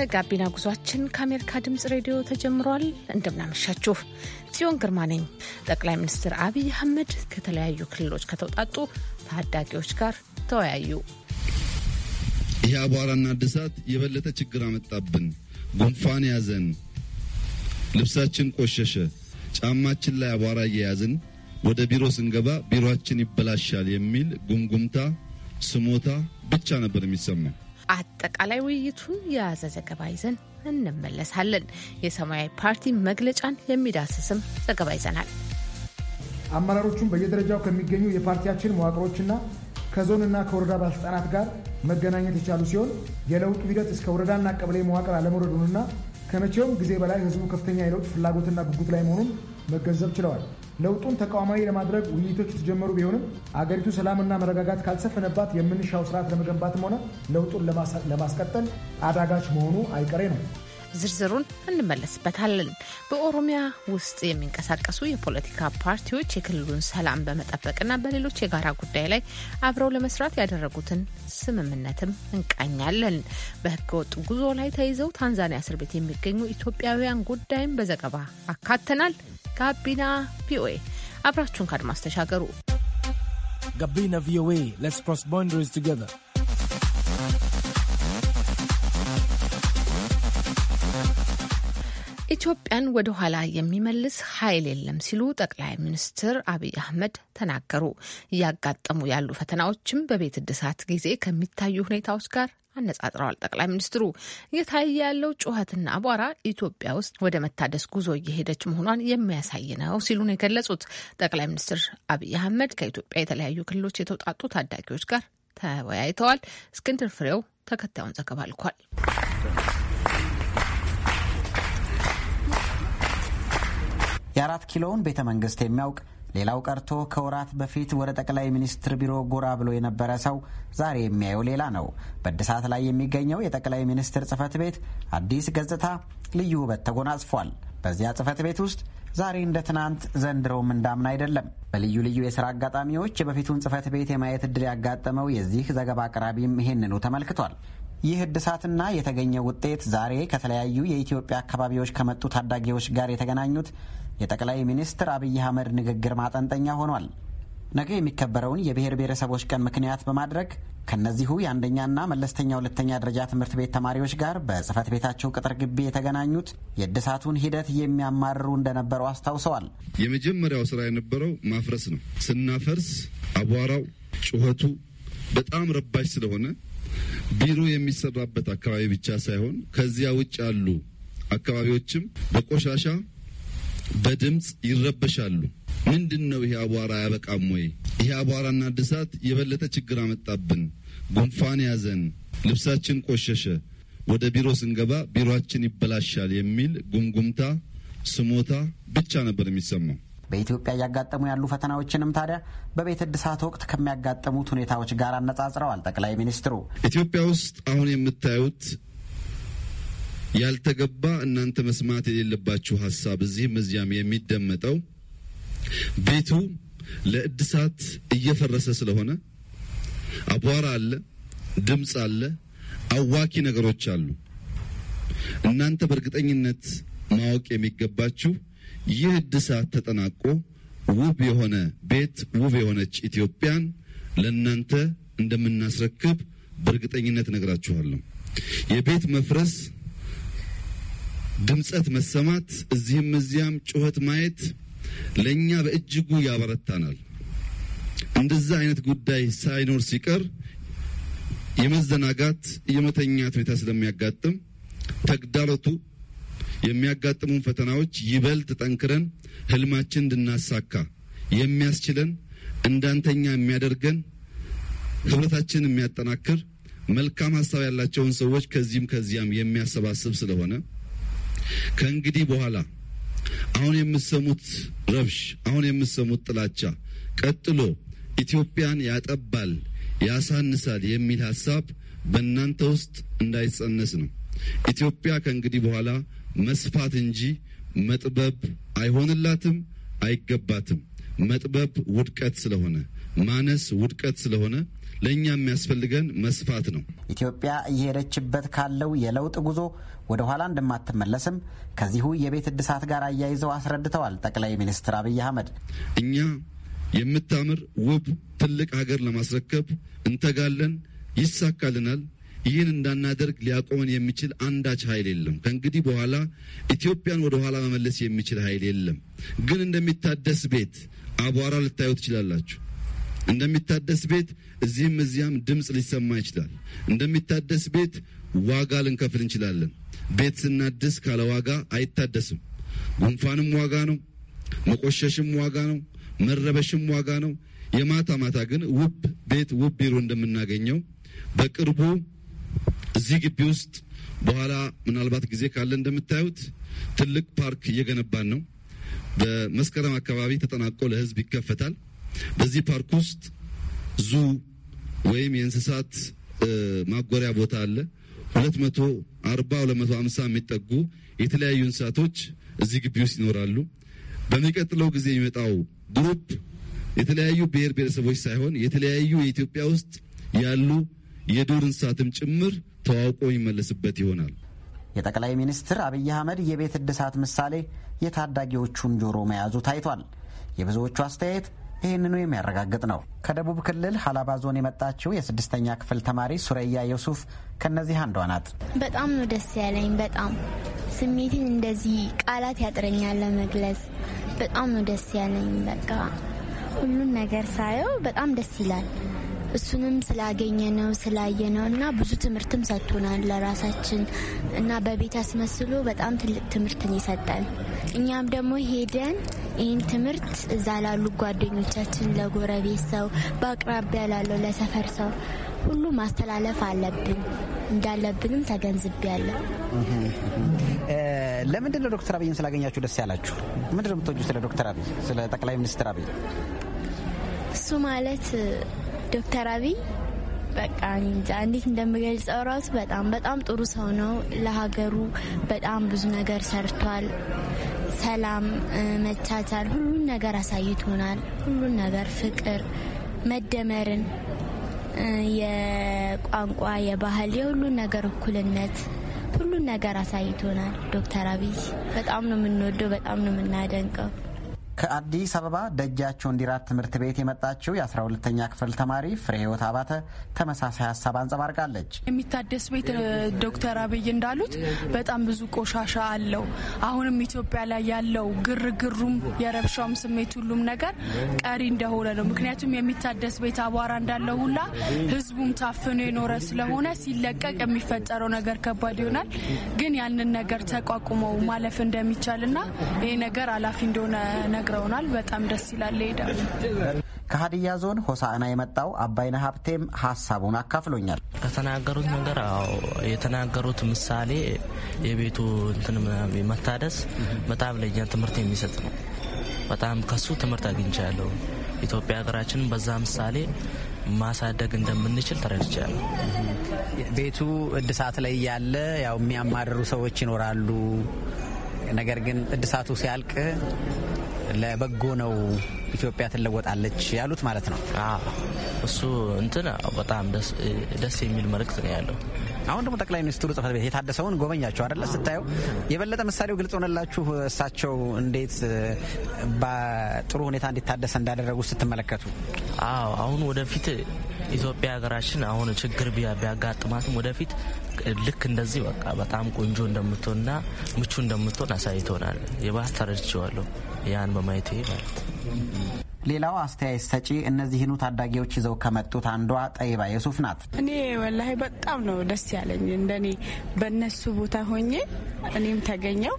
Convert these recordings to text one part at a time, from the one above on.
የጋቢና ጉዟችን ከአሜሪካ ድምጽ ሬዲዮ ተጀምሯል። እንደምናመሻችሁ ጽዮን ግርማ ነኝ። ጠቅላይ ሚኒስትር አብይ አህመድ ከተለያዩ ክልሎች ከተውጣጡ ታዳጊዎች ጋር ተወያዩ። ይህ አቧራና እድሳት የበለጠ ችግር አመጣብን። ጉንፋን ያዘን፣ ልብሳችን ቆሸሸ፣ ጫማችን ላይ አቧራ እየያዝን ወደ ቢሮ ስንገባ ቢሮችን ይበላሻል የሚል ጉምጉምታ፣ ስሞታ ብቻ ነበር የሚሰማው። አጠቃላይ ውይይቱን የያዘ ዘገባ ይዘን እንመለሳለን። የሰማያዊ ፓርቲ መግለጫን የሚዳስስም ዘገባ ይዘናል። አመራሮቹም በየደረጃው ከሚገኙ የፓርቲያችን መዋቅሮችና ከዞንና ከወረዳ ባለስልጣናት ጋር መገናኘት የቻሉ ሲሆን የለውጡ ሂደት እስከ ወረዳና ቀበሌ መዋቅር አለመውረዱንና ከመቼውም ጊዜ በላይ ህዝቡ ከፍተኛ የለውጥ ፍላጎትና ጉጉት ላይ መሆኑን መገንዘብ ችለዋል። ለውጡን ተቃዋማዊ ለማድረግ ውይይቶች የተጀመሩ ቢሆንም አገሪቱ ሰላምና መረጋጋት ካልሰፈነባት የምንሻው ስርዓት ለመገንባትም ሆነ ለውጡን ለማስቀጠል አዳጋች መሆኑ አይቀሬ ነው። ዝርዝሩን እንመለስበታለን። በኦሮሚያ ውስጥ የሚንቀሳቀሱ የፖለቲካ ፓርቲዎች የክልሉን ሰላም በመጠበቅና በሌሎች የጋራ ጉዳይ ላይ አብረው ለመስራት ያደረጉትን ስምምነትም እንቃኛለን። በህገወጥ ጉዞ ላይ ተይዘው ታንዛኒያ እስር ቤት የሚገኙ ኢትዮጵያውያን ጉዳይም በዘገባ አካተናል። ጋቢና ቪኦኤ አብራችሁን ከአድማስ ተሻገሩ። ጋቢና ቪኦኤ ኢትዮጵያን ወደ ኋላ የሚመልስ ኃይል የለም ሲሉ ጠቅላይ ሚኒስትር አብይ አህመድ ተናገሩ። እያጋጠሙ ያሉ ፈተናዎችም በቤት እድሳት ጊዜ ከሚታዩ ሁኔታዎች ጋር አነጻጥረዋል። ጠቅላይ ሚኒስትሩ እየታየ ያለው ጩኸትና አቧራ ኢትዮጵያ ውስጥ ወደ መታደስ ጉዞ እየሄደች መሆኗን የሚያሳይ ነው ሲሉ ነው የገለጹት። ጠቅላይ ሚኒስትር አብይ አህመድ ከኢትዮጵያ የተለያዩ ክልሎች የተውጣጡ ታዳጊዎች ጋር ተወያይተዋል። እስክንድር ፍሬው ተከታዩን ዘገባ ልኳል። የአራት ኪሎውን ቤተ መንግስት የሚያውቅ ሌላው ቀርቶ ከወራት በፊት ወደ ጠቅላይ ሚኒስትር ቢሮ ጎራ ብሎ የነበረ ሰው ዛሬ የሚያየው ሌላ ነው። በእድሳት ላይ የሚገኘው የጠቅላይ ሚኒስትር ጽህፈት ቤት አዲስ ገጽታ፣ ልዩ ውበት ተጎናጽፏል። በዚያ ጽህፈት ቤት ውስጥ ዛሬ እንደ ትናንት ዘንድሮም እንዳምና አይደለም። በልዩ ልዩ የሥራ አጋጣሚዎች የበፊቱን ጽህፈት ቤት የማየት ዕድል ያጋጠመው የዚህ ዘገባ አቅራቢም ይሄንኑ ተመልክቷል። ይህ እድሳትና የተገኘው ውጤት ዛሬ ከተለያዩ የኢትዮጵያ አካባቢዎች ከመጡ ታዳጊዎች ጋር የተገናኙት የጠቅላይ ሚኒስትር አብይ አህመድ ንግግር ማጠንጠኛ ሆኗል። ነገ የሚከበረውን የብሔር ብሔረሰቦች ቀን ምክንያት በማድረግ ከእነዚሁ የአንደኛና መለስተኛ ሁለተኛ ደረጃ ትምህርት ቤት ተማሪዎች ጋር በጽህፈት ቤታቸው ቅጥር ግቢ የተገናኙት የእድሳቱን ሂደት የሚያማርሩ እንደነበሩ አስታውሰዋል። የመጀመሪያው ስራ የነበረው ማፍረስ ነው። ስናፈርስ አቧራው፣ ጩኸቱ በጣም ረባሽ ስለሆነ ቢሮ የሚሰራበት አካባቢ ብቻ ሳይሆን ከዚያ ውጭ ያሉ አካባቢዎችም በቆሻሻ በድምፅ ይረበሻሉ። ምንድን ነው ይሄ አቧራ አያበቃም ወይ? ይሄ አቧራና እድሳት የበለጠ ችግር አመጣብን። ጉንፋን ያዘን፣ ልብሳችን ቆሸሸ፣ ወደ ቢሮ ስንገባ ቢሮአችን ይበላሻል የሚል ጉምጉምታ፣ ስሞታ ብቻ ነበር የሚሰማው። በኢትዮጵያ እያጋጠሙ ያሉ ፈተናዎችንም ታዲያ በቤት እድሳት ወቅት ከሚያጋጥሙት ሁኔታዎች ጋር አነጻጽረዋል ጠቅላይ ሚኒስትሩ። ኢትዮጵያ ውስጥ አሁን የምታዩት ያልተገባ እናንተ መስማት የሌለባችሁ ሀሳብ እዚህም እዚያም የሚደመጠው ቤቱ ለእድሳት እየፈረሰ ስለሆነ አቧራ አለ፣ ድምፅ አለ፣ አዋኪ ነገሮች አሉ። እናንተ በእርግጠኝነት ማወቅ የሚገባችሁ ይህ እድሳት ተጠናቆ ውብ የሆነ ቤት ውብ የሆነች ኢትዮጵያን ለእናንተ እንደምናስረክብ በእርግጠኝነት ነግራችኋለሁ። የቤት መፍረስ ድምፀት መሰማት፣ እዚህም እዚያም ጩኸት ማየት ለእኛ በእጅጉ ያበረታናል። እንደዛ አይነት ጉዳይ ሳይኖር ሲቀር የመዘናጋት የመተኛት ሁኔታ ስለሚያጋጥም ተግዳሮቱ የሚያጋጥሙን ፈተናዎች ይበልጥ ጠንክረን ህልማችን እንድናሳካ የሚያስችለን እንዳንተኛ የሚያደርገን ህብረታችንን የሚያጠናክር መልካም ሀሳብ ያላቸውን ሰዎች ከዚህም ከዚያም የሚያሰባስብ ስለሆነ ከእንግዲህ በኋላ አሁን የምትሰሙት ረብሽ፣ አሁን የምትሰሙት ጥላቻ ቀጥሎ ኢትዮጵያን ያጠባል፣ ያሳንሳል የሚል ሀሳብ በእናንተ ውስጥ እንዳይጸነስ ነው። ኢትዮጵያ ከእንግዲህ በኋላ መስፋት እንጂ መጥበብ አይሆንላትም፣ አይገባትም። መጥበብ ውድቀት ስለሆነ ማነስ ውድቀት ስለሆነ ለእኛ የሚያስፈልገን መስፋት ነው። ኢትዮጵያ እየሄደችበት ካለው የለውጥ ጉዞ ወደ ኋላ እንደማትመለስም ከዚሁ የቤት እድሳት ጋር አያይዘው አስረድተዋል። ጠቅላይ ሚኒስትር አብይ አህመድ እኛ የምታምር ውብ ትልቅ ሀገር ለማስረከብ እንተጋለን፣ ይሳካልናል። ይህን እንዳናደርግ ሊያቆመን የሚችል አንዳች ኃይል የለም። ከእንግዲህ በኋላ ኢትዮጵያን ወደ ኋላ መመለስ የሚችል ኃይል የለም። ግን እንደሚታደስ ቤት አቧራ ልታዩ ትችላላችሁ። እንደሚታደስ ቤት እዚህም እዚያም ድምፅ ሊሰማ ይችላል። እንደሚታደስ ቤት ዋጋ ልንከፍል እንችላለን። ቤት ስናድስ ካለ ዋጋ አይታደስም። ጉንፋንም ዋጋ ነው፣ መቆሸሽም ዋጋ ነው፣ መረበሽም ዋጋ ነው። የማታ ማታ ግን ውብ ቤት ውብ ቢሮ እንደምናገኘው በቅርቡ እዚህ ግቢ ውስጥ በኋላ ምናልባት ጊዜ ካለ እንደምታዩት ትልቅ ፓርክ እየገነባን ነው። በመስከረም አካባቢ ተጠናቆ ለሕዝብ ይከፈታል። በዚህ ፓርክ ውስጥ ዙ ወይም የእንስሳት ማጎሪያ ቦታ አለ። ሁለት መቶ የሚጠጉ የተለያዩ እንስሳቶች እዚህ ግቢ ውስጥ ይኖራሉ። በሚቀጥለው ጊዜ የሚመጣው ግሩፕ የተለያዩ ብሔር ብሔረሰቦች ሳይሆን የተለያዩ የኢትዮጵያ ውስጥ ያሉ የዱር እንስሳትም ጭምር ተዋውቆ ይመለስበት ይሆናል። የጠቅላይ ሚኒስትር አብይ አህመድ የቤት እድሳት ምሳሌ የታዳጊዎቹን ጆሮ መያዙ ታይቷል። የብዙዎቹ አስተያየት ይህንኑ የሚያረጋግጥ ነው። ከደቡብ ክልል ሀላባ ዞን የመጣችው የስድስተኛ ክፍል ተማሪ ሱረያ ዮሱፍ ከእነዚህ አንዷ ናት። በጣም ነው ደስ ያለኝ። በጣም ስሜትን እንደዚህ ቃላት ያጥረኛል ለመግለጽ። በጣም ነው ደስ ያለኝ። በቃ ሁሉን ነገር ሳየው በጣም ደስ ይላል። እሱንም ስላገኘ ነው ስላየ ነው እና ብዙ ትምህርትም ሰጥቶናል ለራሳችን እና በቤት አስመስሎ በጣም ትልቅ ትምህርትን ይሰጣል። እኛም ደግሞ ሄደን ይህን ትምህርት እዛ ላሉ ጓደኞቻችን፣ ለጎረቤት ሰው፣ በአቅራቢያ ላለው ለሰፈር ሰው ሁሉ ማስተላለፍ አለብን እንዳለብንም ተገንዝቤያለሁ። ለምንድን ነው ዶክተር አብይን ስላገኛችሁ ደስ ያላችሁ? ምንድን ነው የምትወጂው ስለ ዶክተር አብይ ስለ ጠቅላይ ሚኒስትር አብይ? እሱ ማለት ዶክተር አብይ በቃ እንጃ እንዴት እንደምገልጸው ራሱ በጣም በጣም ጥሩ ሰው ነው። ለሀገሩ በጣም ብዙ ነገር ሰርቷል። ሰላም፣ መቻቻል፣ ሁሉን ነገር አሳይቶናል። ሁሉን ነገር ፍቅር፣ መደመርን፣ የቋንቋ የባህል፣ የሁሉን ነገር እኩልነት፣ ሁሉን ነገር አሳይቶናል። ዶክተር አብይ በጣም ነው የምንወደው፣ በጣም ነው የምናደንቀው። ከአዲስ አበባ ደጃቸው እንዲራት ትምህርት ቤት የመጣችው የአስራ ሁለተኛ ክፍል ተማሪ ፍሬ ህይወት አባተ ተመሳሳይ ሀሳብ አንጸባርቃለች። የሚታደስ ቤት ዶክተር አብይ እንዳሉት በጣም ብዙ ቆሻሻ አለው። አሁንም ኢትዮጵያ ላይ ያለው ግርግሩም የረብሻውም ስሜት ሁሉም ነገር ቀሪ እንደሆነ ነው። ምክንያቱም የሚታደስ ቤት አቧራ እንዳለው ሁላ ህዝቡም ታፍኖ የኖረ ስለሆነ ሲለቀቅ የሚፈጠረው ነገር ከባድ ይሆናል። ግን ያንን ነገር ተቋቁመው ማለፍ እንደሚቻልና ይህ ነገር አላፊ እንደሆነ ነግረውናል። በጣም ደስ ይላል። ይሄዳል። ከሀዲያ ዞን ሆሳዕና የመጣው አባይነ ሀብቴም ሀሳቡን አካፍሎኛል። ከተናገሩት ነገር የተናገሩት ምሳሌ የቤቱ እንትን መታደስ በጣም ለኛ ትምህርት የሚሰጥ ነው። በጣም ከሱ ትምህርት አግኝቻለሁ። ኢትዮጵያ ሀገራችንን በዛ ምሳሌ ማሳደግ እንደምንችል ተረድቻለሁ። ቤቱ እድሳት ላይ ያለ ያው የሚያማርሩ ሰዎች ይኖራሉ። ነገር ግን እድሳቱ ሲያልቅ ለበጎ ነው ኢትዮጵያ ትለወጣለች ያሉት ማለት ነው። እሱ እንትን በጣም ደስ የሚል መልእክት ነው ያለው። አሁን ደግሞ ጠቅላይ ሚኒስትሩ ጽህፈት ቤት የታደሰውን ጎበኛቸው አደለ? ስታየው የበለጠ ምሳሌው ግልጽ ሆነላችሁ። እሳቸው እንዴት በጥሩ ሁኔታ እንዲታደሰ እንዳደረጉ ስትመለከቱ አሁን ወደፊት ኢትዮጵያ ሀገራችን አሁን ችግር ቢያጋጥማትም ወደፊት ልክ እንደዚህ በቃ በጣም ቆንጆ እንደምትሆንና ምቹ እንደምትሆን አሳይቶናል። የባህር ተረድቼዋለሁ ያን በማየት ማለት። ሌላው አስተያየት ሰጪ እነዚህኑ ታዳጊዎች ይዘው ከመጡት አንዷ ጠይባ የሱፍ ናት። እኔ ወላሂ በጣም ነው ደስ ያለኝ እንደኔ በእነሱ ቦታ ሆኜ እኔም ተገኘው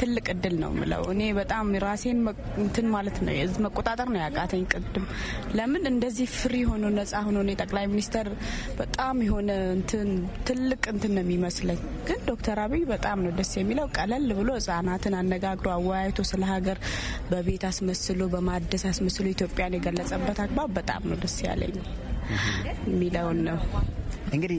ትልቅ እድል ነው ምለው። እኔ በጣም ራሴን እንትን ማለት ነው መቆጣጠር ነው ያቃተኝ። ቅድም ለምን እንደዚህ ፍሪ ሆኖ ነጻ ሆኖ እኔ ጠቅላይ ሚኒስተር በጣም የሆነ እንትን ትልቅ እንትን ነው የሚመስለኝ። ግን ዶክተር አብይ በጣም ነው ደስ የሚለው። ቀለል ብሎ ህጻናትን አነጋግሮ አወያይቶ ስለ ሀገር በቤት አስመስሎ በማደስ አስመስሎ ኢትዮጵያን የገለጸበት አግባብ በጣም ነው ደስ ያለኝ የሚለውን ነው እንግዲህ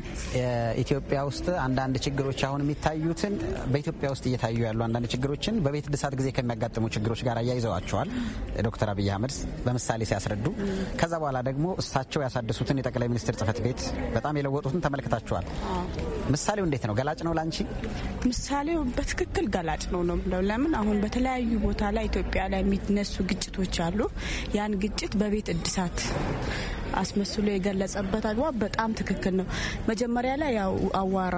ኢትዮጵያ ውስጥ አንዳንድ ችግሮች አሁን የሚታዩትን በኢትዮጵያ ውስጥ እየታዩ ያሉ አንዳንድ ችግሮችን በቤት እድሳት ጊዜ ከሚያጋጥሙ ችግሮች ጋር አያይዘዋቸዋል ዶክተር አብይ አህመድ በምሳሌ ሲያስረዱ። ከዛ በኋላ ደግሞ እሳቸው ያሳደሱትን የጠቅላይ ሚኒስትር ጽህፈት ቤት በጣም የለወጡትን ተመልክታቸዋል። ምሳሌው እንዴት ነው? ገላጭ ነው ላንቺ? ምሳሌው በትክክል ገላጭ ነው ነው ብለው ለምን አሁን በተለያዩ ቦታ ላይ ኢትዮጵያ ላይ የሚነሱ ግጭቶች አሉ። ያን ግጭት በቤት እድሳት አስመስሎ የገለጸበት አግባብ በጣም ትክክል ነው። መጀመሪያ ላይ ያው አዋራ፣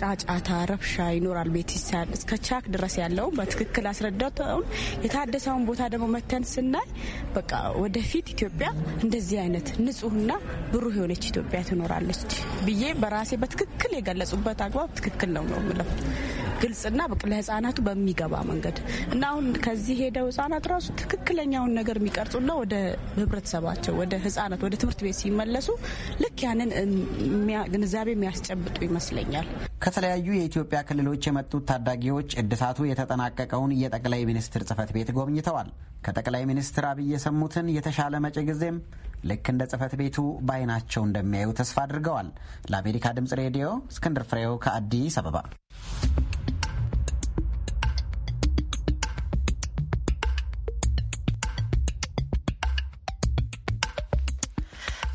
ጫጫታ፣ ረብሻ ይኖራል። ቤት ይሳል እስከ ቻክ ድረስ ያለው በትክክል አስረዳውን። የታደሰውን ቦታ ደግሞ መተን ስናይ በቃ ወደፊት ኢትዮጵያ እንደዚህ አይነት ንጹህና ብሩህ የሆነች ኢትዮጵያ ትኖራለች ብዬ በራሴ በትክክል የገለጹበት አግባብ ትክክል ነው ነው ምለው ግልጽና ለህጻናቱ በሚገባ መንገድ እና አሁን ከዚህ ሄደው ህጻናት ራሱ ትክክለኛውን ነገር የሚቀርጹና ወደ ህብረተሰባቸው ወደ ህጻናት ወደ ትምህርት ቤት ሲመለሱ ልክ ያንን ግንዛቤ የሚያስጨብጡ ይመስለኛል። ከተለያዩ የኢትዮጵያ ክልሎች የመጡት ታዳጊዎች እድሳቱ የተጠናቀቀውን የጠቅላይ ሚኒስትር ጽህፈት ቤት ጎብኝተዋል። ከጠቅላይ ሚኒስትር አብይ የሰሙትን የተሻለ መጪ ጊዜም ልክ እንደ ጽህፈት ቤቱ በአይናቸው እንደሚያዩ ተስፋ አድርገዋል። ለአሜሪካ ድምጽ ሬዲዮ እስክንድር ፍሬው ከአዲስ አበባ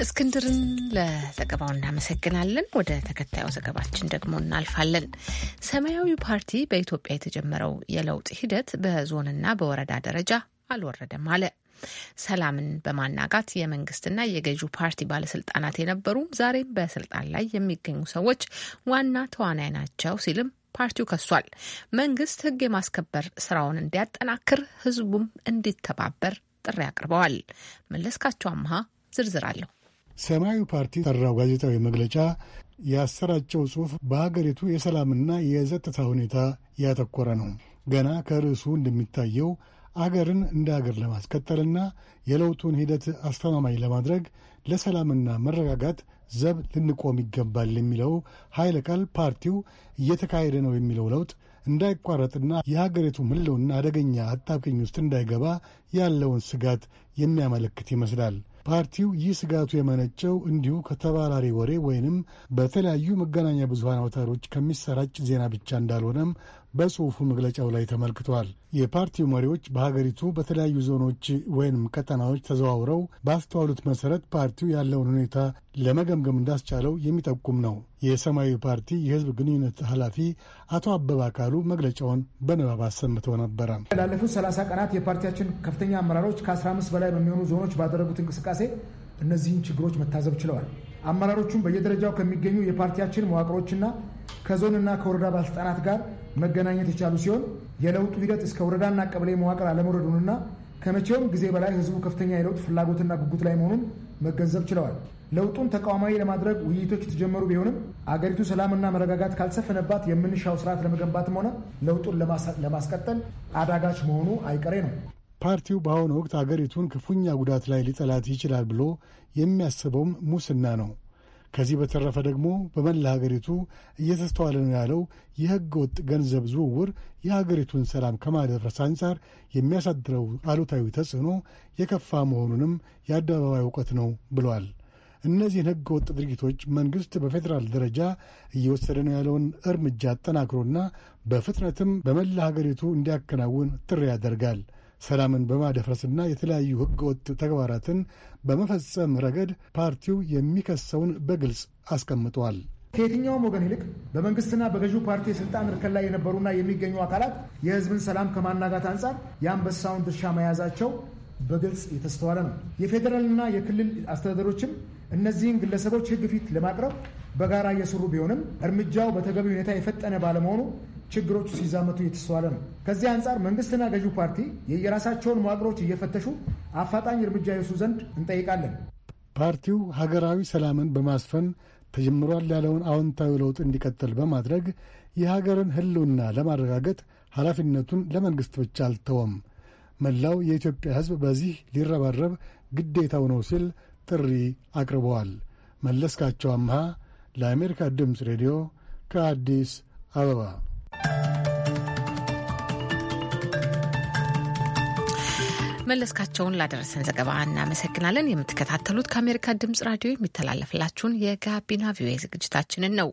እስክንድርን ለዘገባው እናመሰግናለን። ወደ ተከታዩ ዘገባችን ደግሞ እናልፋለን። ሰማያዊ ፓርቲ በኢትዮጵያ የተጀመረው የለውጥ ሂደት በዞንና በወረዳ ደረጃ አልወረደም አለ። ሰላምን በማናጋት የመንግስትና የገዢው ፓርቲ ባለስልጣናት የነበሩ ዛሬም በስልጣን ላይ የሚገኙ ሰዎች ዋና ተዋናይ ናቸው ሲልም ፓርቲው ከሷል። መንግስት ህግ የማስከበር ስራውን እንዲያጠናክር፣ ህዝቡም እንዲተባበር ጥሪ አቅርበዋል። መለስካቸው አምሃ ዝርዝር አለሁ ሰማያዊ ፓርቲ ጠራው ጋዜጣዊ መግለጫ ያሰራጨው ጽሑፍ በሀገሪቱ የሰላምና የጸጥታ ሁኔታ ያተኮረ ነው። ገና ከርዕሱ እንደሚታየው አገርን እንደ አገር ለማስቀጠልና የለውጡን ሂደት አስተማማኝ ለማድረግ ለሰላምና መረጋጋት ዘብ ልንቆም ይገባል የሚለው ኃይለ ቃል ፓርቲው እየተካሄደ ነው የሚለው ለውጥ እንዳይቋረጥና የሀገሪቱ ምለውና አደገኛ አጣብቅኝ ውስጥ እንዳይገባ ያለውን ስጋት የሚያመለክት ይመስላል። ፓርቲው ይህ ስጋቱ የመነጨው እንዲሁ ከተባራሪ ወሬ ወይንም በተለያዩ መገናኛ ብዙሀን አውታሮች ከሚሰራጭ ዜና ብቻ እንዳልሆነም በጽሑፉ መግለጫው ላይ ተመልክቷል። የፓርቲው መሪዎች በሀገሪቱ በተለያዩ ዞኖች ወይም ቀጠናዎች ተዘዋውረው ባስተዋሉት መሰረት ፓርቲው ያለውን ሁኔታ ለመገምገም እንዳስቻለው የሚጠቁም ነው። የሰማያዊ ፓርቲ የህዝብ ግንኙነት ኃላፊ አቶ አበበ አካሉ መግለጫውን በንባብ አሰምተው ነበረ። ላለፉት 30 ቀናት የፓርቲያችን ከፍተኛ አመራሮች ከ15 በላይ በሚሆኑ ዞኖች ባደረጉት እንቅስቃሴ እነዚህን ችግሮች መታዘብ ችለዋል። አመራሮቹም በየደረጃው ከሚገኙ የፓርቲያችን መዋቅሮችና ከዞንና ከወረዳ ባለስልጣናት ጋር መገናኘት የቻሉ ሲሆን የለውጡ ሂደት እስከ ወረዳና ቀበሌ መዋቅር አለመውረዱንና ከመቼውም ጊዜ በላይ ህዝቡ ከፍተኛ የለውጥ ፍላጎትና ጉጉት ላይ መሆኑን መገንዘብ ችለዋል። ለውጡን ተቋማዊ ለማድረግ ውይይቶች የተጀመሩ ቢሆንም አገሪቱ ሰላምና መረጋጋት ካልሰፈነባት የምንሻው ስርዓት ለመገንባትም ሆነ ለውጡን ለማስቀጠል አዳጋች መሆኑ አይቀሬ ነው። ፓርቲው በአሁኑ ወቅት አገሪቱን ክፉኛ ጉዳት ላይ ሊጠላት ይችላል ብሎ የሚያስበውም ሙስና ነው። ከዚህ በተረፈ ደግሞ በመላ ሀገሪቱ እየተስተዋለ ነው ያለው የህገ ወጥ ገንዘብ ዝውውር የሀገሪቱን ሰላም ከማደፍረስ አንጻር የሚያሳድረው አሉታዊ ተጽዕኖ የከፋ መሆኑንም የአደባባይ እውቀት ነው ብሏል። እነዚህን ህገ ወጥ ድርጊቶች መንግሥት በፌዴራል ደረጃ እየወሰደ ነው ያለውን እርምጃ አጠናክሮና በፍጥነትም በመላ ሀገሪቱ እንዲያከናውን ጥሪ ያደርጋል። ሰላምን በማደፍረስና የተለያዩ ህገወጥ ተግባራትን በመፈጸም ረገድ ፓርቲው የሚከሰውን በግልጽ አስቀምጠዋል። ከየትኛውም ወገን ይልቅ በመንግስትና በገዢው ፓርቲ የስልጣን እርከን ላይ የነበሩና የሚገኙ አካላት የህዝብን ሰላም ከማናጋት አንጻር የአንበሳውን ድርሻ መያዛቸው በግልጽ የተስተዋለ ነው። የፌዴራልና የክልል አስተዳደሮችም እነዚህን ግለሰቦች ህግ ፊት ለማቅረብ በጋራ እየሰሩ ቢሆንም እርምጃው በተገቢ ሁኔታ የፈጠነ ባለመሆኑ ችግሮቹ ሲዛመቱ እየተስተዋለ ነው። ከዚህ አንጻር መንግስትና ገዢው ፓርቲ የራሳቸውን መዋቅሮች እየፈተሹ አፋጣኝ እርምጃ ይወስዱ ዘንድ እንጠይቃለን። ፓርቲው ሀገራዊ ሰላምን በማስፈን ተጀምሯል ያለውን አዎንታዊ ለውጥ እንዲቀጥል በማድረግ የሀገርን ህልውና ለማረጋገጥ ኃላፊነቱን ለመንግሥት ብቻ አልተወም፣ መላው የኢትዮጵያ ሕዝብ በዚህ ሊረባረብ ግዴታው ነው ሲል ጥሪ አቅርበዋል። መለስካቸው አምሃ ለአሜሪካ ድምፅ ሬዲዮ ከአዲስ አበባ መለስካቸውን ላደረሰን ዘገባ እናመሰግናለን። የምትከታተሉት ከአሜሪካ ድምጽ ራዲዮ የሚተላለፍላችሁን የጋቢና ቪኦኤ ዝግጅታችንን ነው።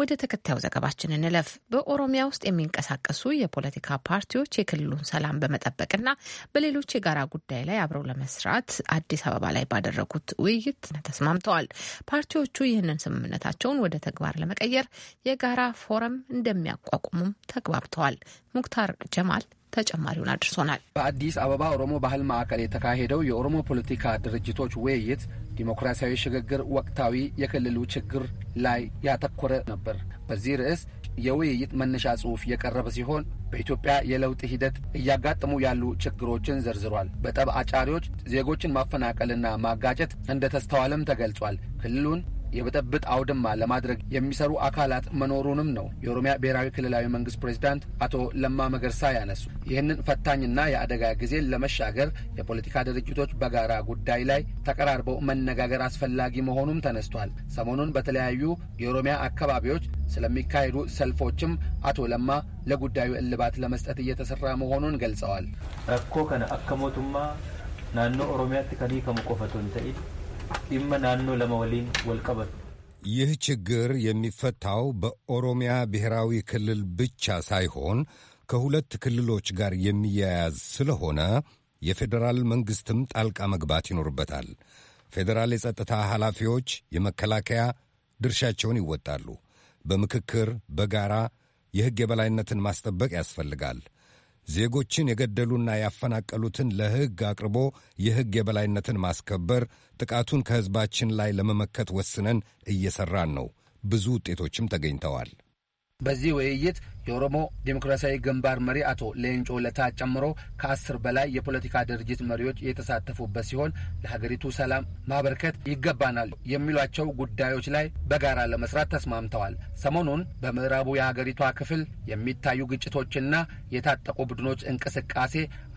ወደ ተከታዩ ዘገባችን እንለፍ። በኦሮሚያ ውስጥ የሚንቀሳቀሱ የፖለቲካ ፓርቲዎች የክልሉን ሰላም በመጠበቅና በሌሎች የጋራ ጉዳይ ላይ አብረው ለመስራት አዲስ አበባ ላይ ባደረጉት ውይይት ተስማምተዋል። ፓርቲዎቹ ይህንን ስምምነታቸውን ወደ ተግባር ለመቀየር የጋራ ፎረም እንደሚያቋቁሙም ተግባብተዋል። ሙክታር ጀማል ተጨማሪውን አድርሶናል። በአዲስ አበባ ኦሮሞ ባህል ማዕከል የተካሄደው የኦሮሞ ፖለቲካ ድርጅቶች ውይይት ዲሞክራሲያዊ ሽግግር ወቅታዊ የክልሉ ችግር ላይ ያተኮረ ነበር። በዚህ ርዕስ የውይይት መነሻ ጽሑፍ የቀረበ ሲሆን በኢትዮጵያ የለውጥ ሂደት እያጋጠሙ ያሉ ችግሮችን ዘርዝሯል። በጠብ አጫሪዎች ዜጎችን ማፈናቀልና ማጋጨት እንደተስተዋለም ተገልጿል። ክልሉን የብጥብጥ አውድማ ለማድረግ የሚሰሩ አካላት መኖሩንም ነው የኦሮሚያ ብሔራዊ ክልላዊ መንግስት ፕሬዚዳንት አቶ ለማ መገርሳ ያነሱ። ይህንን ፈታኝና የአደጋ ጊዜ ለመሻገር የፖለቲካ ድርጅቶች በጋራ ጉዳይ ላይ ተቀራርበው መነጋገር አስፈላጊ መሆኑም ተነስቷል። ሰሞኑን በተለያዩ የኦሮሚያ አካባቢዎች ስለሚካሄዱ ሰልፎችም አቶ ለማ ለጉዳዩ እልባት ለመስጠት እየተሰራ መሆኑን ገልጸዋል። እኮ ከነ አከሞቱማ ናኖ ኦሮሚያ ከኒ ከመቆፈቶን ተኢድ ይህ ችግር የሚፈታው በኦሮሚያ ብሔራዊ ክልል ብቻ ሳይሆን ከሁለት ክልሎች ጋር የሚያያዝ ስለሆነ የፌዴራል መንግሥትም ጣልቃ መግባት ይኖርበታል። ፌዴራል የጸጥታ ኃላፊዎች፣ የመከላከያ ድርሻቸውን ይወጣሉ። በምክክር በጋራ የሕግ የበላይነትን ማስጠበቅ ያስፈልጋል። ዜጎችን የገደሉና ያፈናቀሉትን ለሕግ አቅርቦ የሕግ የበላይነትን ማስከበር፣ ጥቃቱን ከሕዝባችን ላይ ለመመከት ወስነን እየሠራን ነው። ብዙ ውጤቶችም ተገኝተዋል። በዚህ ውይይት የኦሮሞ ዴሞክራሲያዊ ግንባር መሪ አቶ ሌንጮ ለታ ጨምሮ ከአስር በላይ የፖለቲካ ድርጅት መሪዎች የተሳተፉበት ሲሆን ለሀገሪቱ ሰላም ማበርከት ይገባናል የሚሏቸው ጉዳዮች ላይ በጋራ ለመስራት ተስማምተዋል። ሰሞኑን በምዕራቡ የሀገሪቷ ክፍል የሚታዩ ግጭቶችና የታጠቁ ቡድኖች እንቅስቃሴ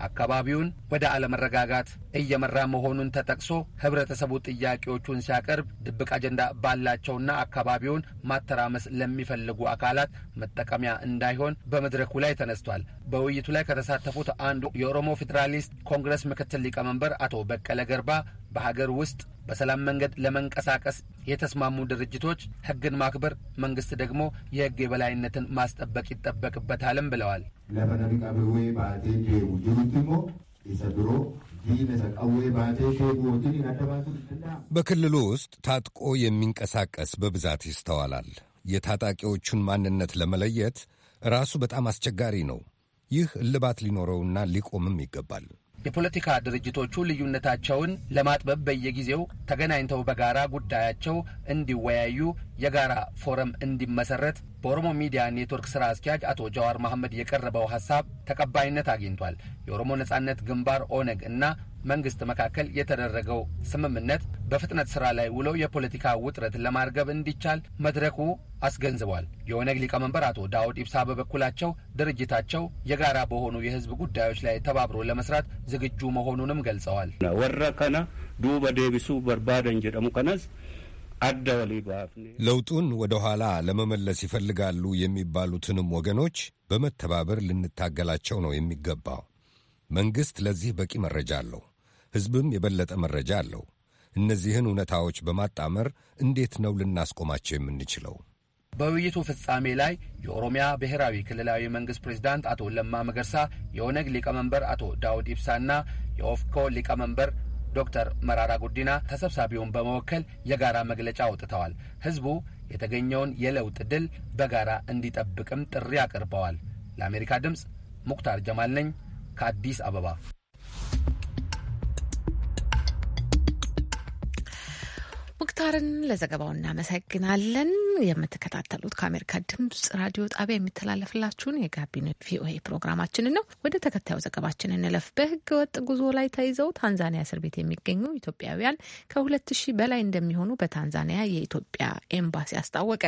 አካባቢውን ወደ አለመረጋጋት እየመራ መሆኑን ተጠቅሶ ህብረተሰቡ ጥያቄዎቹን ሲያቀርብ ድብቅ አጀንዳ ባላቸውና አካባቢውን ማተራመስ ለሚፈልጉ አካላት መጠቀሚያ እንዳይሆን በመድረኩ ላይ ተነስቷል። በውይይቱ ላይ ከተሳተፉት አንዱ የኦሮሞ ፌዴራሊስት ኮንግረስ ምክትል ሊቀመንበር አቶ በቀለ ገርባ በሀገር ውስጥ በሰላም መንገድ ለመንቀሳቀስ የተስማሙ ድርጅቶች ህግን ማክበር፣ መንግስት ደግሞ የህግ የበላይነትን ማስጠበቅ ይጠበቅበታልም ብለዋል። በክልሉ ውስጥ ታጥቆ የሚንቀሳቀስ በብዛት ይስተዋላል። የታጣቂዎቹን ማንነት ለመለየት ራሱ በጣም አስቸጋሪ ነው። ይህ እልባት ሊኖረውና ሊቆምም ይገባል። የፖለቲካ ድርጅቶቹ ልዩነታቸውን ለማጥበብ በየጊዜው ተገናኝተው በጋራ ጉዳያቸው እንዲወያዩ የጋራ ፎረም እንዲመሰረት በኦሮሞ ሚዲያ ኔትወርክ ስራ አስኪያጅ አቶ ጀዋር መሐመድ የቀረበው ሀሳብ ተቀባይነት አግኝቷል። የኦሮሞ ነጻነት ግንባር ኦነግ እና መንግስት መካከል የተደረገው ስምምነት በፍጥነት ስራ ላይ ውለው የፖለቲካ ውጥረት ለማርገብ እንዲቻል መድረኩ አስገንዝቧል። የኦነግ ሊቀመንበር አቶ ዳውድ ኢብሳ በበኩላቸው ድርጅታቸው የጋራ በሆኑ የህዝብ ጉዳዮች ላይ ተባብሮ ለመስራት ዝግጁ መሆኑንም ገልጸዋል። ወረ ዱበ ደቢሱ በርባደን ጀደሙ ከነዝ ለውጡን ወደ ኋላ ለመመለስ ይፈልጋሉ የሚባሉትንም ወገኖች በመተባበር ልንታገላቸው ነው የሚገባው። መንግሥት ለዚህ በቂ መረጃ አለው። ሕዝብም የበለጠ መረጃ አለው። እነዚህን እውነታዎች በማጣመር እንዴት ነው ልናስቆማቸው የምንችለው? በውይይቱ ፍጻሜ ላይ የኦሮሚያ ብሔራዊ ክልላዊ መንግስት ፕሬዚዳንት አቶ ለማ መገርሳ፣ የኦነግ ሊቀመንበር አቶ ዳውድ ኢብሳና የኦፍኮ ሊቀመንበር ዶክተር መራራ ጉዲና ተሰብሳቢውን በመወከል የጋራ መግለጫ አውጥተዋል። ህዝቡ የተገኘውን የለውጥ ድል በጋራ እንዲጠብቅም ጥሪ አቅርበዋል። ለአሜሪካ ድምፅ ሙክታር ጀማል ነኝ ከአዲስ አበባ። ኦስካርን ለዘገባው እናመሰግናለን። የምትከታተሉት ከአሜሪካ ድምጽ ራዲዮ ጣቢያ የሚተላለፍላችሁን የጋቢና ቪኦኤ ፕሮግራማችንን ነው። ወደ ተከታዩ ዘገባችን እንለፍ። በህገ ወጥ ጉዞ ላይ ተይዘው ታንዛኒያ እስር ቤት የሚገኙ ኢትዮጵያውያን ከሁለት ሺህ በላይ እንደሚሆኑ በታንዛኒያ የኢትዮጵያ ኤምባሲ አስታወቀ።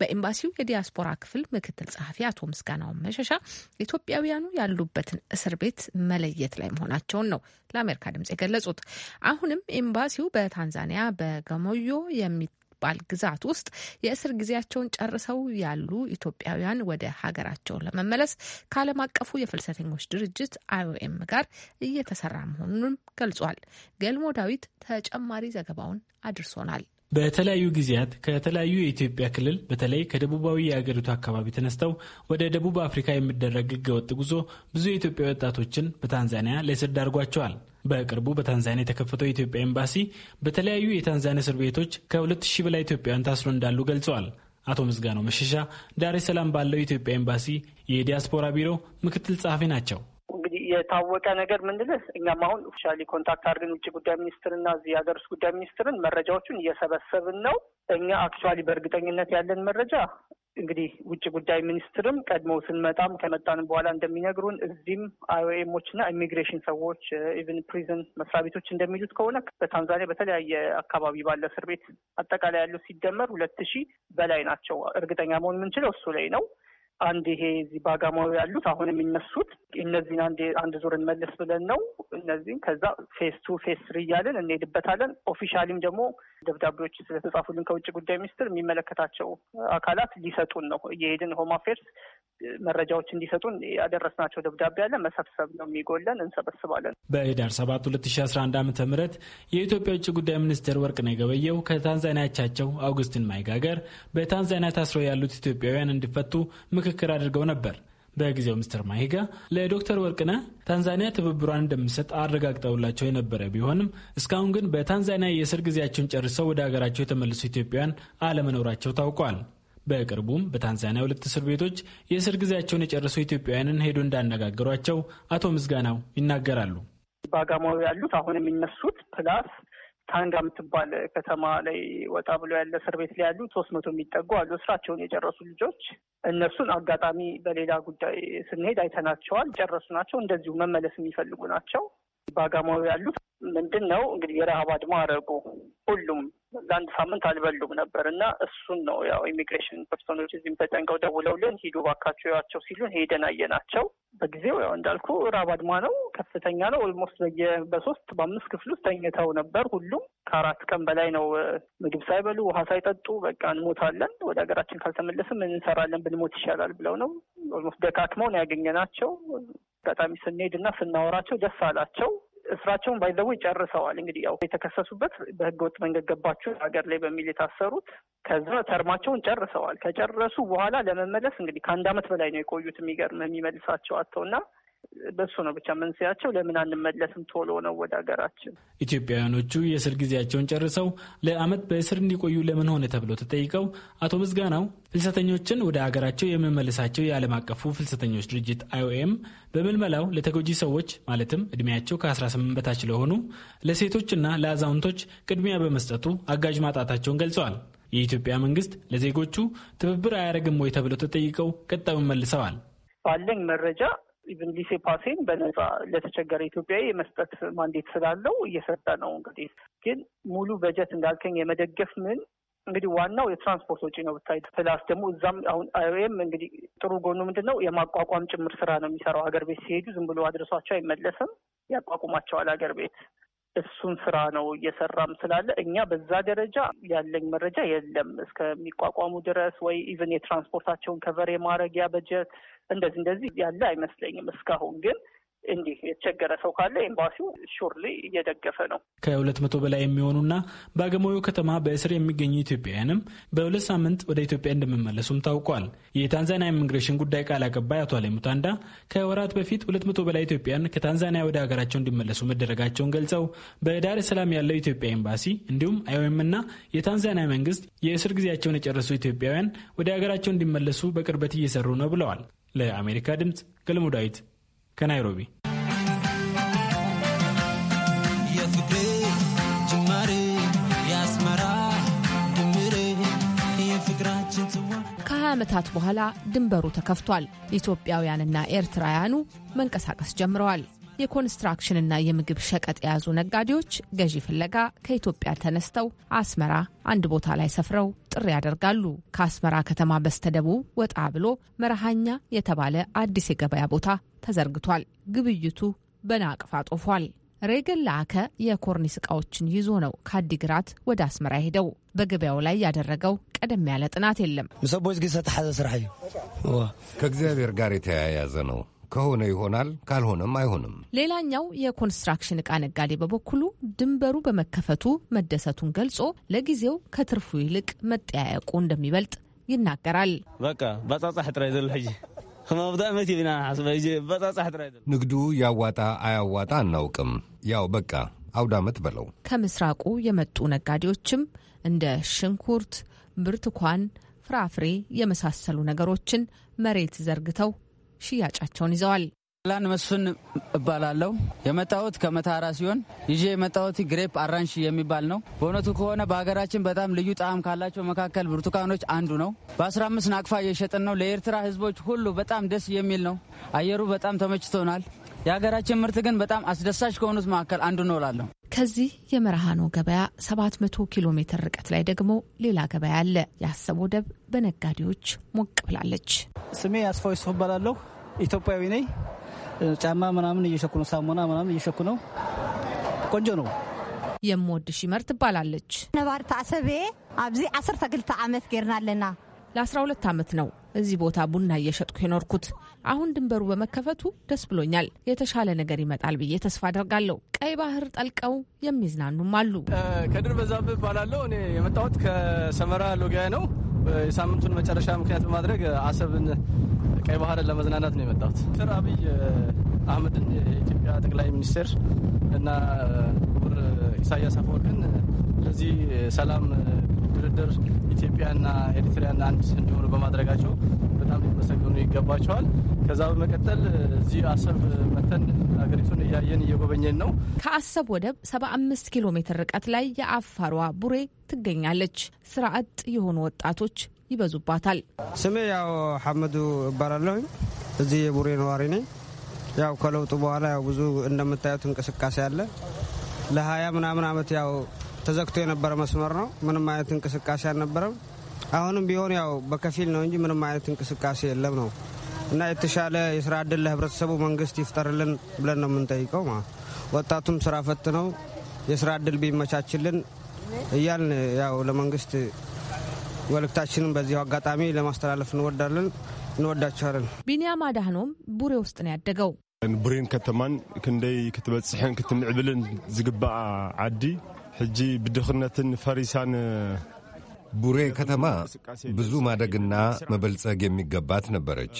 በኤምባሲው የዲያስፖራ ክፍል ምክትል ጸሐፊ አቶ ምስጋናው መሸሻ ኢትዮጵያውያኑ ያሉበትን እስር ቤት መለየት ላይ መሆናቸውን ነው ለአሜሪካ ድምጽ የገለጹት። አሁንም ኤምባሲው በታንዛኒያ በገሞዮ የሚ በሚባል ግዛት ውስጥ የእስር ጊዜያቸውን ጨርሰው ያሉ ኢትዮጵያውያን ወደ ሀገራቸው ለመመለስ ከዓለም አቀፉ የፍልሰተኞች ድርጅት አይኦኤም ጋር እየተሰራ መሆኑንም ገልጿል። ገልሞ ዳዊት ተጨማሪ ዘገባውን አድርሶናል። በተለያዩ ጊዜያት ከተለያዩ የኢትዮጵያ ክልል በተለይ ከደቡባዊ የአገሪቱ አካባቢ ተነስተው ወደ ደቡብ አፍሪካ የሚደረግ ህገወጥ ጉዞ ብዙ የኢትዮጵያ ወጣቶችን በታንዛኒያ ለእስር ዳርጓቸዋል። በቅርቡ በታንዛኒያ የተከፈተው የኢትዮጵያ ኤምባሲ በተለያዩ የታንዛኒያ እስር ቤቶች ከ2 በላይ ኢትዮጵያውያን ታስሮ እንዳሉ ገልጸዋል። አቶ ምስጋናው መሸሻ ዳሬ ሰላም ባለው የኢትዮጵያ ኤምባሲ የዲያስፖራ ቢሮ ምክትል ጸሐፊ ናቸው። እንግዲህ የታወቀ ነገር ምንድነው? እኛም አሁን ኦፊሻሊ ኮንታክት አድርገን ውጭ ጉዳይ ሚኒስትርና እዚህ የሀገር ውስጥ ጉዳይ ሚኒስትርን መረጃዎቹን እየሰበሰብን ነው። እኛ አክቹዋሊ በእርግጠኝነት ያለን መረጃ እንግዲህ ውጭ ጉዳይ ሚኒስትርም ቀድሞ ስንመጣም ከመጣን በኋላ እንደሚነግሩን እዚህም አይኦኤሞች እና ኢሚግሬሽን ሰዎች ኢቨን ፕሪዝን መስሪያ ቤቶች እንደሚሉት ከሆነ በታንዛኒያ በተለያየ አካባቢ ባለ እስር ቤት አጠቃላይ ያሉት ሲደመር ሁለት ሺህ በላይ ናቸው። እርግጠኛ መሆን የምንችለው እሱ ላይ ነው። አንድ ይሄ እዚህ ባጋማው ያሉት አሁን የሚነሱት እነዚህን አንድ አንድ ዙር እንመልስ ብለን ነው። እነዚህን ከዛ ፌስ ቱ ፌስ ስሪ እያለን እንሄድበታለን። ኦፊሻሊም ደግሞ ደብዳቤዎች ስለተጻፉልን ከውጭ ጉዳይ ሚኒስትር የሚመለከታቸው አካላት ሊሰጡን ነው። እየሄድን ሆም አፌርስ መረጃዎች እንዲሰጡን ያደረስናቸው ደብዳቤ አለ። መሰብሰብ ነው የሚጎለን፣ እንሰበስባለን። በህዳር 7 2011 ዓ ም የኢትዮጵያ ውጭ ጉዳይ ሚኒስትር ወርቅነህ ገበየሁ ከታንዛኒያ አቻቸው አውግስቲን ማይጋገር በታንዛኒያ ታስረው ያሉት ኢትዮጵያውያን እንዲፈቱ ምክክር አድርገው ነበር። በጊዜው ሚስተር ማሂጋ ለዶክተር ወርቅነህ ታንዛኒያ ትብብሯን እንደምሰጥ አረጋግጠውላቸው የነበረ ቢሆንም እስካሁን ግን በታንዛኒያ የእስር ጊዜያቸውን ጨርሰው ወደ ሀገራቸው የተመለሱ ኢትዮጵያውያን አለመኖራቸው ታውቋል። በቅርቡም በታንዛኒያ ሁለት እስር ቤቶች የእስር ጊዜያቸውን የጨረሱ ኢትዮጵያውያንን ሄዶ እንዳነጋገሯቸው አቶ ምስጋናው ይናገራሉ። በአጋማው ያሉት አሁን የሚነሱት ፕላስ ታንጋ የምትባል ከተማ ላይ ወጣ ብሎ ያለ እስር ቤት ላይ ያሉ ሶስት መቶ የሚጠጉ አሉ። እስራቸውን የጨረሱ ልጆች እነሱን አጋጣሚ በሌላ ጉዳይ ስንሄድ አይተናቸዋል። ጨረሱ ናቸው። እንደዚሁ መመለስ የሚፈልጉ ናቸው። በአጋማው ያሉት ምንድን ነው እንግዲህ የረሃብ አድማ አረጉ ሁሉም ለአንድ ሳምንት አልበሉም ነበር እና እሱን ነው ያው ኢሚግሬሽን ፐርሶኖች እዚህም ተጨንቀው ደውለውልን ሂዱ ባካቸው ያቸው ሲሉን ሄደን አየናቸው። በጊዜው ያው እንዳልኩ ራብ አድማ ነው ከፍተኛ ነው። ኦልሞስት በየ በሶስት በአምስት ክፍል ውስጥ ተኝተው ነበር። ሁሉም ከአራት ቀን በላይ ነው ምግብ ሳይበሉ ውሃ ሳይጠጡ በቃ እንሞታለን፣ ወደ ሀገራችን ካልተመለስም እንሰራለን፣ ብንሞት ይሻላል ብለው ነው ኦልሞስት ደካክመው ነው ያገኘናቸው። አጋጣሚ ስንሄድ እና ስናወራቸው ደስ አላቸው። ስራቸውን ባይዘው ጨርሰዋል። እንግዲህ ያው የተከሰሱበት በህገወጥ መንገድ ገባችሁ ሀገር ላይ በሚል የታሰሩት ከዛ ተርማቸውን ጨርሰዋል። ከጨረሱ በኋላ ለመመለስ እንግዲህ ከአንድ አመት በላይ ነው የቆዩት። የሚገርም የሚመልሳቸው አጥተው እና በሱ ነው ብቻ መንስያቸው። ለምን አንመለስም ቶሎ ነው ወደ ሀገራችን? ኢትዮጵያውያኖቹ የእስር ጊዜያቸውን ጨርሰው ለዓመት በእስር እንዲቆዩ ለምን ሆነ ተብሎ ተጠይቀው አቶ ምስጋናው ፍልሰተኞችን ወደ ሀገራቸው የመመለሳቸው የዓለም አቀፉ ፍልሰተኞች ድርጅት አይኦኤም በምልመላው ለተጎጂ ሰዎች ማለትም እድሜያቸው ከ18 በታች ለሆኑ ለሴቶችና ለአዛውንቶች ቅድሚያ በመስጠቱ አጋዥ ማጣታቸውን ገልጸዋል። የኢትዮጵያ መንግስት ለዜጎቹ ትብብር አያደርግም ወይ ተብለው ተጠይቀው ቀጣዩን መልሰዋል። ባለኝ መረጃ ኢቨን ሊሴ ፓሴን በነጻ ለተቸገረ ኢትዮጵያዊ የመስጠት ማንዴት ስላለው እየሰጠ ነው። እንግዲህ ግን ሙሉ በጀት እንዳልከኝ የመደገፍ ምን እንግዲህ ዋናው የትራንስፖርት ወጪ ነው ብታይ፣ ፕላስ ደግሞ እዛም አሁን አይኤም እንግዲህ ጥሩ ጎኑ ምንድን ነው የማቋቋም ጭምር ስራ ነው የሚሰራው። ሀገር ቤት ሲሄዱ ዝም ብሎ አድረሷቸው አይመለስም፣ ያቋቁማቸዋል ሀገር ቤት እሱን ስራ ነው እየሰራም ስላለ እኛ በዛ ደረጃ ያለኝ መረጃ የለም። እስከሚቋቋሙ ድረስ ወይ ኢቨን የትራንስፖርታቸውን ከቨር የማድረጊያ በጀት እንደዚህ እንደዚህ ያለ አይመስለኝም እስካሁን ግን እንዲህ የተቸገረ ሰው ካለ ኤምባሲው ሹርሊ እየደገፈ ነው። ከሁለት መቶ በላይ የሚሆኑና በአገሞዮ ከተማ በእስር የሚገኙ ኢትዮጵያውያንም በሁለት ሳምንት ወደ ኢትዮጵያ እንደሚመለሱም ታውቋል። የታንዛኒያ ኢሚግሬሽን ጉዳይ ቃል አቀባይ አቶ አሌ ሙታንዳ ከወራት በፊት ሁለት መቶ በላይ ኢትዮጵያን ከታንዛኒያ ወደ ሀገራቸው እንዲመለሱ መደረጋቸውን ገልጸው በዳር ሰላም ያለው ኢትዮጵያ ኤምባሲ እንዲሁም አይኦኤምና የታንዛኒያ መንግስት የእስር ጊዜያቸውን የጨረሱ ኢትዮጵያውያን ወደ ሀገራቸው እንዲመለሱ በቅርበት እየሰሩ ነው ብለዋል። ለአሜሪካ ድምፅ ገልሞ ዳዊት ከናይሮቢ ከ ዓመታት በኋላ ድንበሩ ተከፍቷል። ኢትዮጵያውያንና ኤርትራውያኑ መንቀሳቀስ ጀምረዋል። የኮንስትራክሽንና የምግብ ሸቀጥ የያዙ ነጋዴዎች ገዢ ፍለጋ ከኢትዮጵያ ተነስተው አስመራ አንድ ቦታ ላይ ሰፍረው ጥሪ ያደርጋሉ። ከአስመራ ከተማ በስተደቡብ ወጣ ብሎ መርሃኛ የተባለ አዲስ የገበያ ቦታ ተዘርግቷል። ግብይቱ በናቅፋ ጦፏል። ሬገን ላከ የኮርኒስ እቃዎችን ይዞ ነው ከአዲግራት ወደ አስመራ ሄደው በገበያው ላይ ያደረገው ቀደም ያለ ጥናት የለም። ምሰቦች ግን ሓዘ ስራሕ እዩ ከእግዚአብሔር ጋር የተያያዘ ነው። ከሆነ ይሆናል፣ ካልሆነም አይሆንም። ሌላኛው የኮንስትራክሽን ዕቃ ነጋዴ በበኩሉ ድንበሩ በመከፈቱ መደሰቱን ገልጾ ለጊዜው ከትርፉ ይልቅ መጠያየቁ እንደሚበልጥ ይናገራል። በቃ በጻጻሕ ጥራይ ዘሎ ሕጂ ንግዱ ያዋጣ አያዋጣ አናውቅም። ያው በቃ አውዳመት በለው። ከምስራቁ የመጡ ነጋዴዎችም እንደ ሽንኩርት፣ ብርቱካን፣ ፍራፍሬ የመሳሰሉ ነገሮችን መሬት ዘርግተው ሽያጫቸውን ይዘዋል። ላን መስፍን እባላለሁ። የመጣሁት ከመታራ ሲሆን ይዤ የመጣሁት ግሬፕ አራንሽ የሚባል ነው። በእውነቱ ከሆነ በሀገራችን በጣም ልዩ ጣዕም ካላቸው መካከል ብርቱካኖች አንዱ ነው። በ15 ናቅፋ እየሸጥን ነው። ለኤርትራ ሕዝቦች ሁሉ በጣም ደስ የሚል ነው። አየሩ በጣም ተመችቶናል። የሀገራችን ምርት ግን በጣም አስደሳች ከሆኑት መካከል አንዱ ነው እላለሁ። ከዚህ የመርሃኖ ገበያ 700 ኪሎ ሜትር ርቀት ላይ ደግሞ ሌላ ገበያ አለ። የአሰብ ወደብ በነጋዴዎች ሞቅ ብላለች። ስሜ አስፋው ሱፍ እባላለሁ። ኢትዮጵያዊ ነኝ። ጫማ ምናምን እየሸኩ ነው። ሳሙና ምናምን እየሸኩ ነው። ቆንጆ ነው። የምወድ ሽመር ትባላለች። ነባር ታሰቤ ኣብዚ ዓሰርተ ክልተ ዓመት ጌርና ኣለና ለ12 ዓመት ነው እዚህ ቦታ ቡና እየሸጥኩ የኖርኩት። አሁን ድንበሩ በመከፈቱ ደስ ብሎኛል። የተሻለ ነገር ይመጣል ብዬ ተስፋ አደርጋለሁ። ቀይ ባህር ጠልቀው የሚዝናኑም አሉ። ከድር በዛብ እባላለሁ። እኔ የመጣሁት ከሰመራ ሎጊያ ነው። የሳምንቱን መጨረሻ ምክንያት በማድረግ አሰብን ቀይ ባህርን ለመዝናናት ነው የመጣሁት። ዶክተር አብይ አህመድን የኢትዮጵያ ጠቅላይ ሚኒስትር እና ክቡር ኢሳያስ አፈወርቅን እዚህ ሰላም ድርድር ኢትዮጵያና ኤርትራና አንድ እንዲሆኑ በማድረጋቸው በጣም ሊመሰገኑ ይገባቸዋል። ከዛ በመቀጠል እዚህ አሰብ መተን ሀገሪቱን እያየን እየጎበኘን ነው። ከአሰብ ወደብ 75 ኪሎ ሜትር ርቀት ላይ የአፋሯ ቡሬ ትገኛለች። ስራ አጥ የሆኑ ወጣቶች ይበዙባታል። ስሜ ያው ሐመዱ እባላለሁ። እዚህ የቡሬ ነዋሪ ነኝ። ያው ከለውጡ በኋላ ያው ብዙ እንደምታዩት እንቅስቃሴ አለ። ለሀያ ምናምን ዓመት ያው ተዘግቶ የነበረ መስመር ነው። ምንም አይነት እንቅስቃሴ አልነበረም። አሁንም ቢሆን ያው በከፊል ነው እንጂ ምንም አይነት እንቅስቃሴ የለም ነው እና የተሻለ የስራ እድል ለህብረተሰቡ መንግስት ይፍጠርልን ብለን ነው የምንጠይቀው። ወጣቱም ስራ ፈት ነው፣ የስራ እድል ቢመቻችልን እያልን ያው ለመንግስት መልእክታችንን በዚሁ አጋጣሚ ለማስተላለፍ እንወዳለን። እንወዳቸዋለን። ቢንያም አዳህኖም ቡሬ ውስጥ ነው ያደገው። ቡሬን ከተማን ክንደይ ክትበፅሕን ክትምዕብልን ዝግባ ዓዲ ሕጂ ብድኽነትን ፈሪሳን ቡሬ ከተማ ብዙ ማደግና መበልጸግ የሚገባት ነበረች።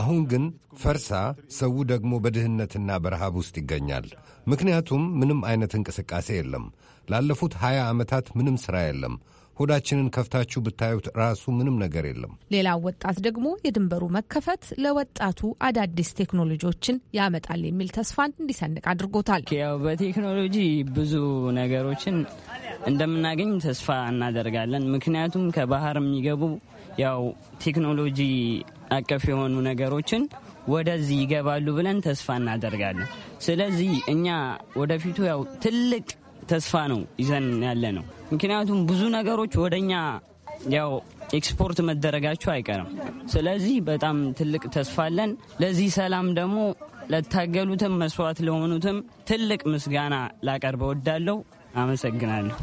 አሁን ግን ፈርሳ፣ ሰው ደግሞ በድህነትና በረሃብ ውስጥ ይገኛል። ምክንያቱም ምንም አይነት እንቅስቃሴ የለም። ላለፉት ሀያ ዓመታት ምንም ሥራ የለም። ሆዳችንን ከፍታችሁ ብታዩት ራሱ ምንም ነገር የለም። ሌላው ወጣት ደግሞ የድንበሩ መከፈት ለወጣቱ አዳዲስ ቴክኖሎጂዎችን ያመጣል የሚል ተስፋን እንዲሰንቅ አድርጎታል። ያው በቴክኖሎጂ ብዙ ነገሮችን እንደምናገኝ ተስፋ እናደርጋለን። ምክንያቱም ከባህር የሚገቡ ያው ቴክኖሎጂ አቀፍ የሆኑ ነገሮችን ወደዚህ ይገባሉ ብለን ተስፋ እናደርጋለን። ስለዚህ እኛ ወደፊቱ ያው ትልቅ ተስፋ ነው ይዘን ያለ ነው። ምክንያቱም ብዙ ነገሮች ወደኛ ያው ኤክስፖርት መደረጋቸው አይቀርም። ስለዚህ በጣም ትልቅ ተስፋ አለን። ለዚህ ሰላም ደግሞ ለታገሉትም መስዋዕት ለሆኑትም ትልቅ ምስጋና ላቀርብ እወዳለሁ። አመሰግናለሁ።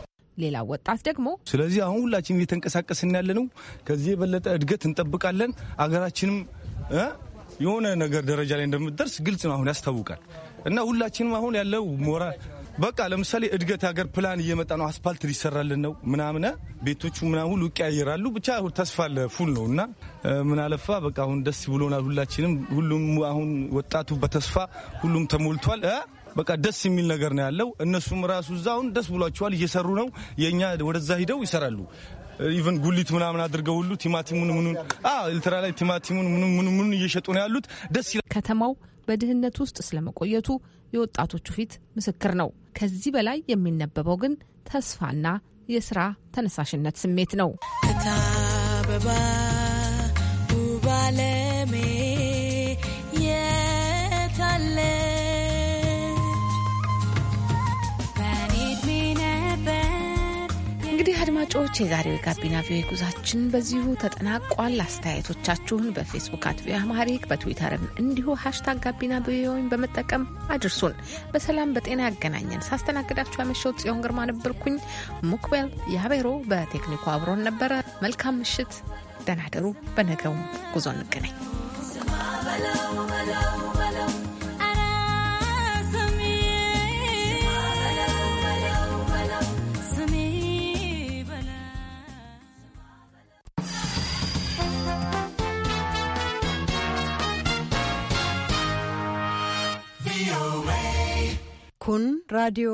ሌላ ወጣት ደግሞ ስለዚህ አሁን ሁላችን እየተንቀሳቀስን ያለ ነው። ከዚህ የበለጠ እድገት እንጠብቃለን። አገራችንም የሆነ ነገር ደረጃ ላይ እንደምትደርስ ግልጽ ነው አሁን ያስታውቃል እና ሁላችንም አሁን ያለው ሞራል በቃ ለምሳሌ እድገት ሀገር ፕላን እየመጣ ነው፣ አስፓልት ሊሰራልን ነው ምናምነ ቤቶቹ ምናምን ሁሉ ይቀያየራሉ። ብቻ ተስፋ ፉል ነው እና ምናለፋ በቃ አሁን ደስ ብሎናል። ሁላችንም ሁሉም አሁን ወጣቱ በተስፋ ሁሉም ተሞልቷል። በቃ ደስ የሚል ነገር ነው ያለው። እነሱም ራሱ እዛ አሁን ደስ ብሏቸዋል፣ እየሰሩ ነው። የእኛ ወደዛ ሂደው ይሰራሉ። ኢቨን ጉሊት ምናምን አድርገው ሁሉ ቲማቲሙን ምኑን ኤልትራ ላይ ቲማቲሙን ምኑን ምኑን እየሸጡ ነው ያሉት። ደስ ይላል ከተማው በድህነት ውስጥ ስለመቆየቱ የወጣቶቹ ፊት ምስክር ነው። ከዚህ በላይ የሚነበበው ግን ተስፋና የስራ ተነሳሽነት ስሜት ነው። እንግዲህ አድማጮች የዛሬው የጋቢና ቪኦኤ ጉዛችን በዚሁ ተጠናቋል። አስተያየቶቻችሁን በፌስቡክ አት ቪኦኤ አማሪክ በትዊተርም እንዲሁ ሀሽታግ ጋቢና ቪኦኤን በመጠቀም አድርሱን። በሰላም በጤና ያገናኘን። ሳስተናግዳችሁ ያመሸው ጽዮን ግርማ ነበርኩኝ። ሙክቤል የሀቤሮ በቴክኒኩ አብሮን ነበረ። መልካም ምሽት፣ ደህና ደሩ። ጉዞ እንገናኝ። kun radio